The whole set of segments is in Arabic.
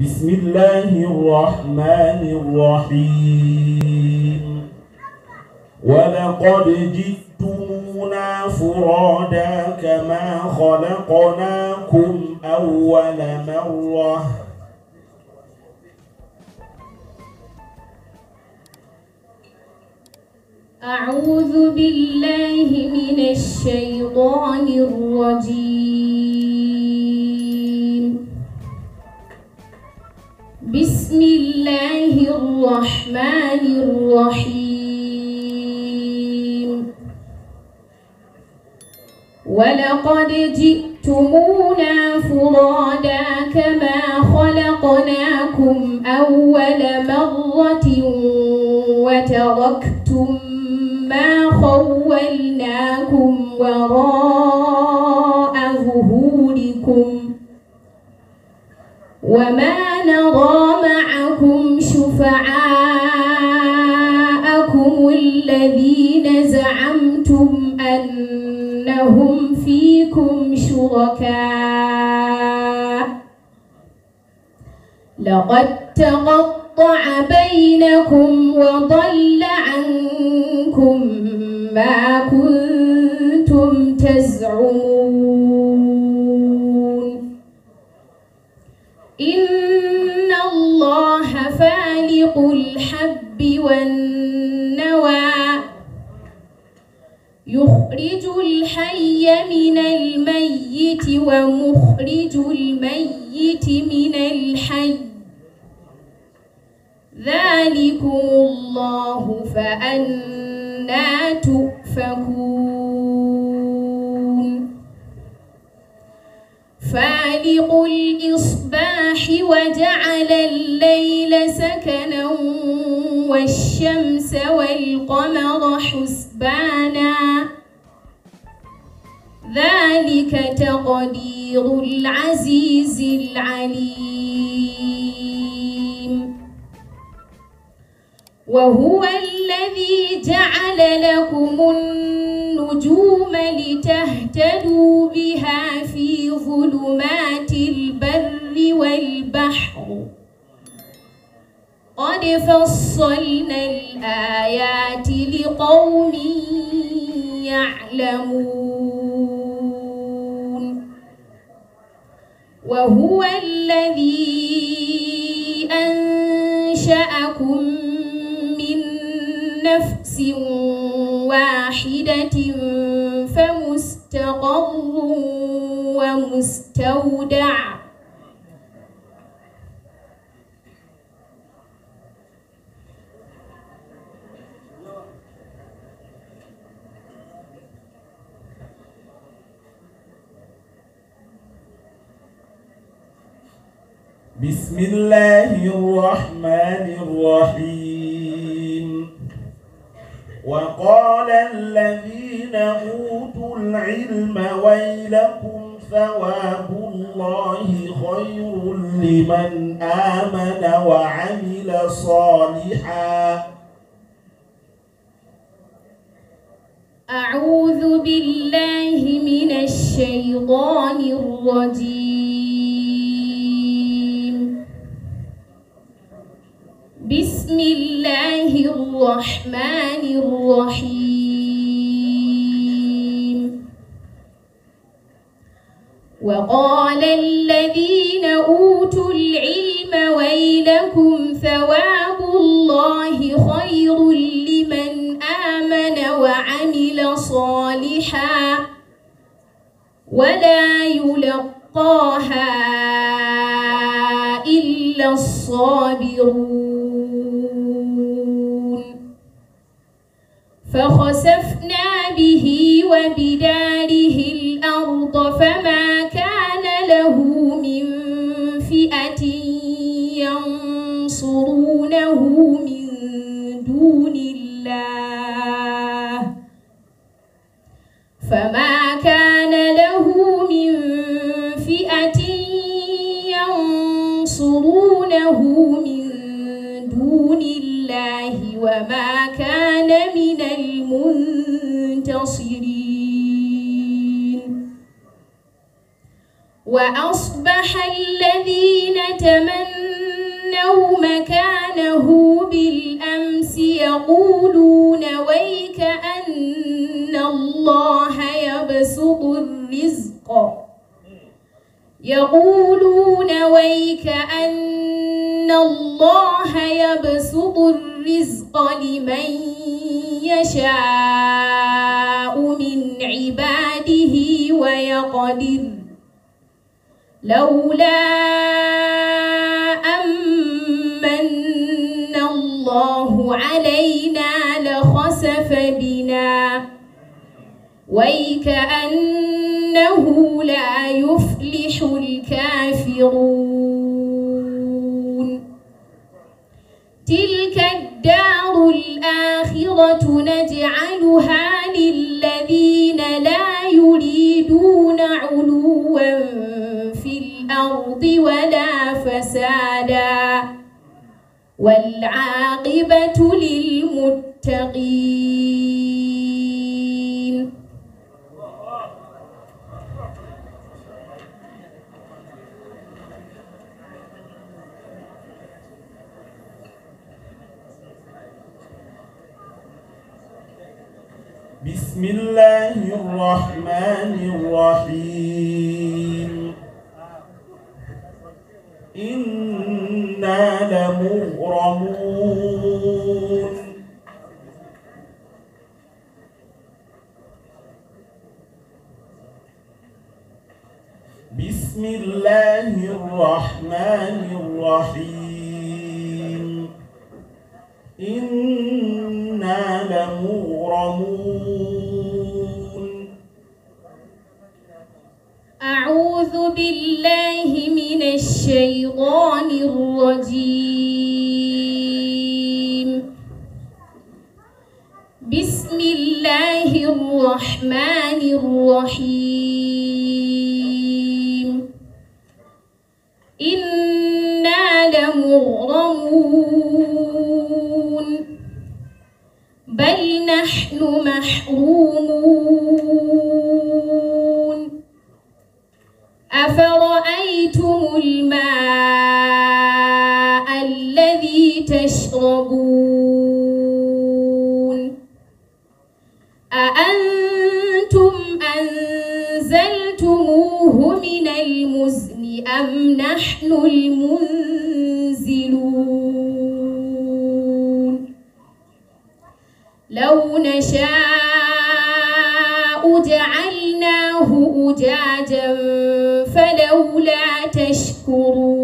بسم الله الرحمن الرحيم ولقد جئتمونا فرادا كما خلقناكم أول مرة أعوذ بالله من الشيطان الرجيم الرحمن الرحيم ولقد جئتمونا فرادا كما خلقناكم أول مرة وتركتم ما خولناكم وراء ظهوركم وما نرى معكم شفعاكم الذين زعمتم أنهم فيكم شركاء لقد تقطع بينكم وضل عنكم ما كنتم تزعمون إن الله فالق الحب والنوى يخرج الحي من الميت ومخرج الميت من الحي ذلكم الله فأنا تؤفكون فالق الإصباح وجعل الليل سكنا والشمس والقمر حسبانا ذلك تقدير العزيز العليم وهو الذي جعل لكم النجوم لتهتدوا بها في ظلمات البر والبحر قد فصلنا الآيات لقوم يعلمون وهو الذي أنشأكم من نفس واحدة فمستقر ومستودع بسم الله الرحمن الرحيم وقال الذين أوتوا العلم ويلكم ثواب الله خير لمن آمن وعمل صالحا أعوذ بالله من الشيطان الرجيم الله الرحمن الرحيم وقال الذين أوتوا العلم ويلكم ثواب الله خير لمن آمن وعمل صالحا ولا يلقاها إلا الصابرون فخسفنا به وبداره الأرض فما كان له من فئة ينصرونه من دون الله فما كان له من فئة ينصرونه من دون الله وما كان من المنتصرين وأصبح الذين تمنوا مكانه بالأمس يقولون ويك أن الله يبسط الرزق يقولون ويك أن إن الله يبسط الرزق لمن يشاء من عباده ويقدر لولا أمن الله علينا لخسف بنا ويكأنه لا يفلح الكافرون تلك الدار الآخرة نجعلها للذين لا يريدون علوا في الأرض ولا فسادا والعاقبة للمتقين بسم الله الرحمن الرحيم إنا لمغرمون بسم الله الرحمن الرحيم إنا لمغرمون أعوذ بالله من الشيطان الرجيم بسم الله الرحمن الرحيم إنا لمغرمون بل نحن محرومون أأنتم أنزلتموه من أم نحن المنزلون لو نشاء جعلناه أجاجا فلولا تشكرون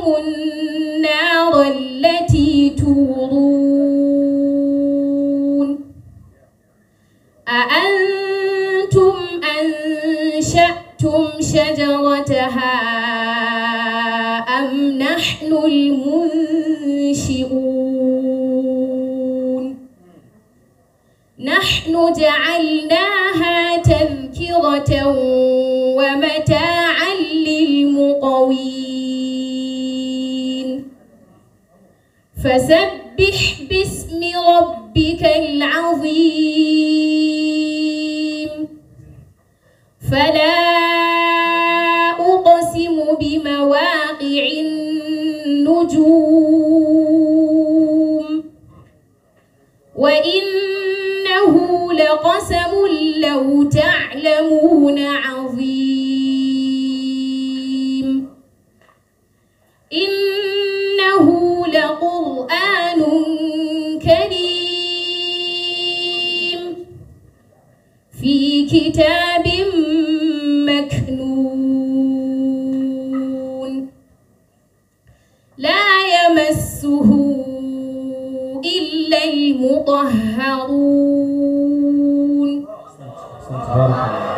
واتقوا النار التي تورون أأنتم أنشأتم شجرتها أم نحن المنشئون نحن جعلناها تذكرة فسبح باسم ربك العظيم فلا أقسم بمواقع النجوم وإنه لقسم لو تعلمون عظيم إن لقرآن كريم في كتاب مكنون لا يمسه إلا المطهرون